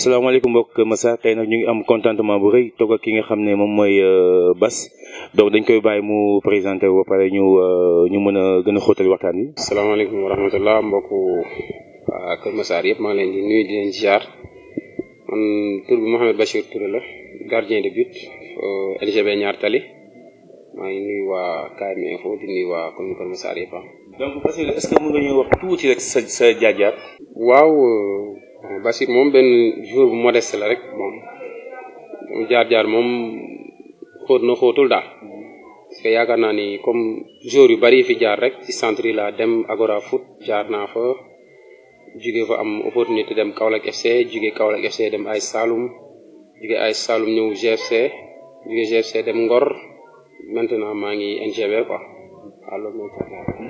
salaamaaleykum mbokk Massa tey nag ñu ngi am contentement bu rëy toog ak ki nga xam ne moom mooy euh, Bass donc dañ koy bàyyi mu présenté ba pare ñu euh, ñu mën a gën a xóotal waxtaan wi. salaamaaleykum wa rahmatulah mbokk waa Kër Massar yëpp maa ngi leen di nuyu di leen ziar man tur bi Mouhamed Bachir Touré la gardien de but euh, LGB ñaar tali maa ngi waa KM Info di nuyu waa commune Kër Massar donc Bachir est-ce que nga ñu wax tuuti rek sa sa jaajaat. waaw. bon Bachir moom benn jour bu modeste la rek bon jaar-jaar moom xóot na xóotul daal parce que yaakaar naa ni comme joueur yu bari fi jaar rek ci centre yi dem Agora Foot jaar naa fa juge fa am opportunité dem Kaolack FC jóge Kaolack FC dem ay Saloum juge ay Saloum ñëw GFC jóge GFC dem Ngor maintenant maa ngi NGB quoi à l'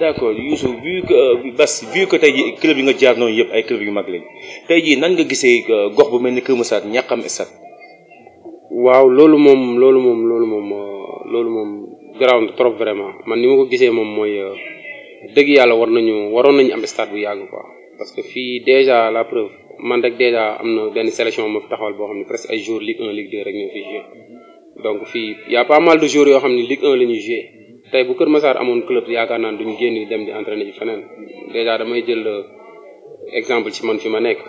d' accord Youssou vu que euh, Bass vu que tey jii club yi nga jaar noonu yëpp ay club yu mag lañ tey jii nan nga gisee euh, gox bu mel ni Kër Massar ñàkkam stade. waaw loolu moom loolu moom loolu moom euh, loolu moom garaaw trop vraiment man ni ma ko gisee moom mooy dëgg yàlla war nañu waroon nañu am stade bu yàgg ko parce que fii déjà la preuve man rek déjà am na benn sélection ma fi taxawal boo xam ne presque ay jour Ligue 1 Ligue 2 rek ñoo fi joué donc fii y' a pas yoo xam ne Ligue la ñuy joué. tey bu Kër Massar amoon club yaakaar naa duñ génn dem di entraîné ci feneen dèjà damay jël euh, exemple ci man fi ma nekk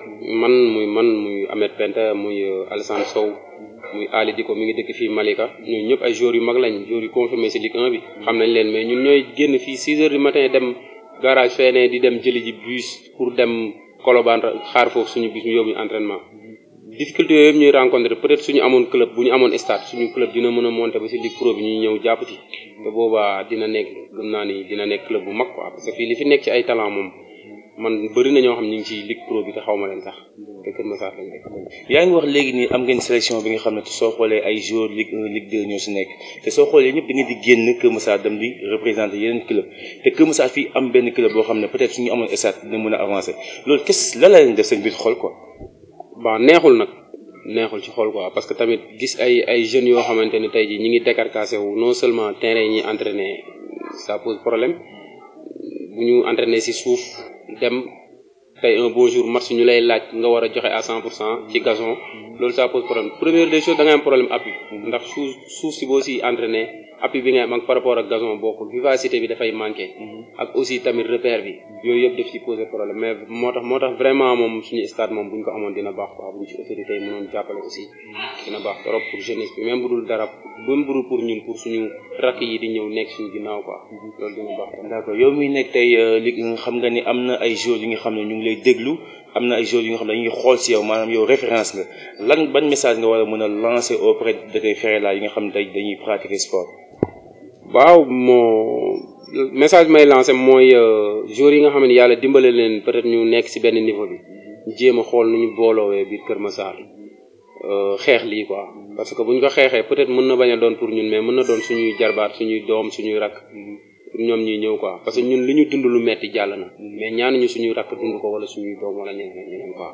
man muy man muy Ahmed Penta muy euh, Alassane Sow muy Ali Diko mi ngi dëkk fii Malika ñun ñëpp ay joueurs yu mag lañ jor yu confirmé ci Ligue 1 bi xam nañ leen mais ñun ñooy génn fii 6 heures du matin dem garage feneen di dem jëli ji bus pour dem Colobane xaar foofu suñu bus ñu yóbbu entraînement difficulté yooyu ñuy rencontrer peut être suñu amone club buñu amone stade suñu club dina mëna monter ba ci ligue pro bi ñuy ñëw jàpp ci te boobaa dina nekk gëm na ni dina nekk club bu mag quoi parce que li fi nekk ci ay talent mom man bari na ñoo xam ñi ci ligue pro bi te xaw ma leen sax te keur ma sax lañ nekk. yaa ngi wax légui ni am ngeen sélection bi nga xam ne soo xoolee ay joueurs ligue 1 ligue 2 ñoo ci nekk te so xolé ñep dañu di génn Kër Massar dem di représenter yeneen club te Kër Massar fi am benn club bo xamne peut être suñu amone stade dina mëna avancer lool qu'est-ce lan la leen def seen bi xol quoi bon bah, neexul quoi parce que tamit gis ay jeunes yoo xamante tey non seulement terrain yi ça pose problème bu ñu entraîné si suuf dem un bon jour ñu à 100 pour cent ci gazon ça pose problème première des choses da problème ndax si si entraîné. appi bi nga am ak par rapport ak gazon bokkul vivacité bi dafay manqué. Mhm. ak aussi tamit repère bi. yooyu yëpp daf ci poser problème mais moo tax moo tax vraiment moom suñu stade moom bu ñu ko amoon dina baax quoi bu ñu ci autorité yi mënoon jàppale aussi. Mhm. dina baax trop pour jeunesse bi même bu dul di ñëw nekk suñu ginnaaw quoi. Mhm. loolu dina baax. d'accord yow miy nekk tey euh, li nga xam nga ni am na ay joueurs yi nga xam ne ñu ngi lay déglu. am na ay joueurs yu nga xam ne dañuy xool si yow maanaam yow référence nga lan ban message nga war a mën a lancer auprès de tes frères là yi nga xam ne dañuy waaw moo message may lancé mooy euh, jour yi nga xam ne yàlla dimbale leen peut être ñu nekk si benn niveau bi jéem a xool nu ñu booloowee biir Kër Massar euh, xeex lii ko parce que bu ñu ko xeexee peut être mën na bañ a doon pour ñun mais mën na doon suñuy jarbaat suñuy doom suñuy rakk pour ñoom ñuy ñëw quoi parce que ñun li ñu dund lu metti jàll na mais ñaanuñu suñuy rakk dund ko wala suñuy doom a ñeneen ñeneen quoi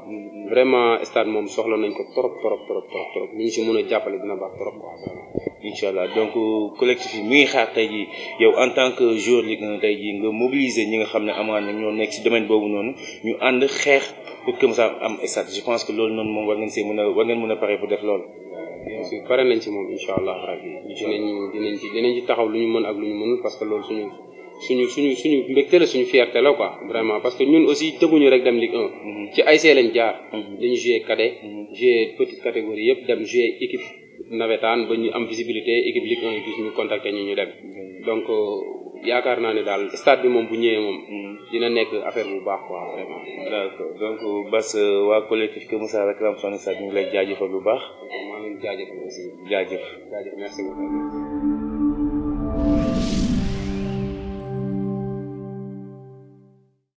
vraiment stade moom soxla nañ ko trop trop trop trop trop li ñu si mën a jàppale dina baax trop quoi vraiment incha allah donc euh, collectif yi mu ngi xaar tey jii yow en tant que jour ligue tey jii nga mobiliser ñi nga xam ne amaan ñoo nekk si domaine boobu noonu ñu ànd xeex pour que sax am stade je pense que loolu noonu moom war ngeen see mën a war ngeen mën a pare pour def loolu bien sûr pare nañ ci moom incha allah rabbi dinañ dinañ ci dinañ ci taxaw lu ñu mën ak lu ñu mënul parce que loolu suñu suñu suñu suñu mbégte la suñu fierté la quoi vraiment parce que ñun aussi tëbuñu rek dem Ligue 1 mhm. ci ASC lañ jaar mhm. dañu joué cadet mhm. joué petite catégorie yëpp dem joué équipe nawetaan ba ñu am visibilité équipe Ligue 1 gis ñu contacté ñu ñu dem donc euh, yaakaar naa ne daal stade bi moom bu ñëwee moom. Mm. dina nekk affaire bu baax quoi vraiment. d' Bas waa collectif Kër Moussa réclame son stade ñu ngi lay jaajëfal bu baax. maa ngi leen di jaajëfal aussi. jaajëf jaajëf merci beaucoup.